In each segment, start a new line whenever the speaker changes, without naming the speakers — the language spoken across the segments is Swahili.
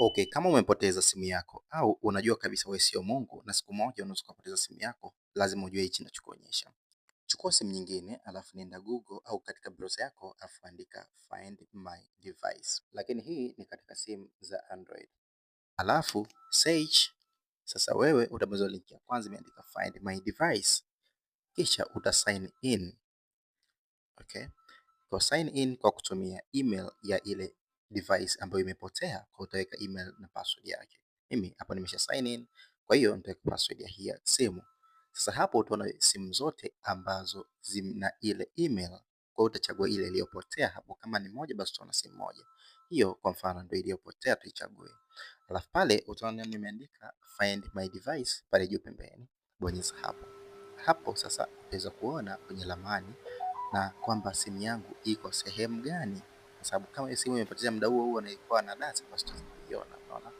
Okay, kama umepoteza simu yako au unajua kabisa wewe sio Mungu na siku moja unaweza kupoteza simu yako, lazima ujue hichi ninachokuonyesha. Chukua simu nyingine, alafu nenda Google au katika browser yako, alafu andika find my device, lakini hii ni katika simu za Android, alafu search. Sasa wewe utabonyeza link ya kwanza imeandika find my device, kisha uta sign in. Okay, kwa sign in kwa kutumia email ya ile device ambayo imepotea kwa utaweka email na password yake. Mimi hapa nimesha sign in, kwa hiyo nitaweka password ya hii simu. Sasa hapo utaona simu zote ambazo zina ile email, kwa utachagua ile iliyopotea hapo. Kama ni moja, basi utaona simu moja hiyo, kwa mfano ndio iliyopotea, tuichague. Alafu pale utaona nimeandika find my device pale juu pembeni, bonyeza hapo. Hapo sasa utaweza kuona kwenye lamani na kwamba simu yangu iko sehemu gani kwa sababu kama simu imepotea muda huo huo na ilikuwa na data, basi tunaiona. kuiona. Unaona,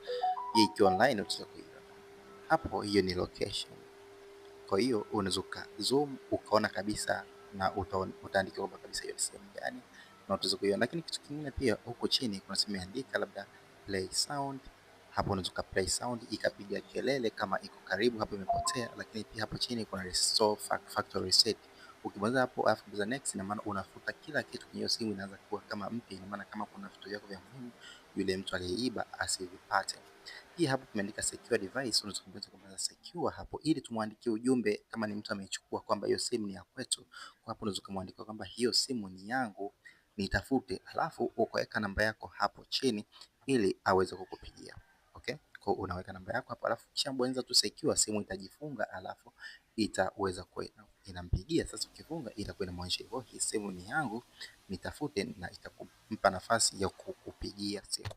hii ikiwa online utaweza kuiona hapo. Hiyo ni location. Kwa hiyo unaweza zoom ukaona kabisa na utaandika kwamba kabisa hiyo sehemu gani na utaweza kuiona. Lakini kitu kingine pia, huko chini kuna sehemu imeandika labda play sound hapo unaweza play sound ikapiga kelele kama iko karibu, hapo imepotea. Lakini pia hapo chini kuna restore factory reset Ukibonyeza hapo alafu kubonyeza next, ina maana unafuta kila kitu kwenye hiyo simu, inaanza kuwa kama mpya. Ina maana kama kuna vitu vyako vya muhimu yule mtu aliyeiba asivipate. Pia hapo tumeandika secure device, unaweza kubonyeza secure hapo ili tumwandikie ujumbe kama ni mtu amechukua kwamba hiyo simu ni ya kwetu. Kwa hapo unaweza kumwandikia kwamba hiyo simu ni yangu nitafute, alafu ukaweka namba yako hapo chini ili aweze kukupigia. Okay? Kwa unaweka namba yako hapo, alafu kisha bonyeza tu secure, simu itajifunga, alafu itaweza kwenda inampigia sasa. Ukifunga itakuwa inamuonyesha hivyo, hii simu ni yangu, nitafute, na itakumpa nafasi ya kukupigia simu.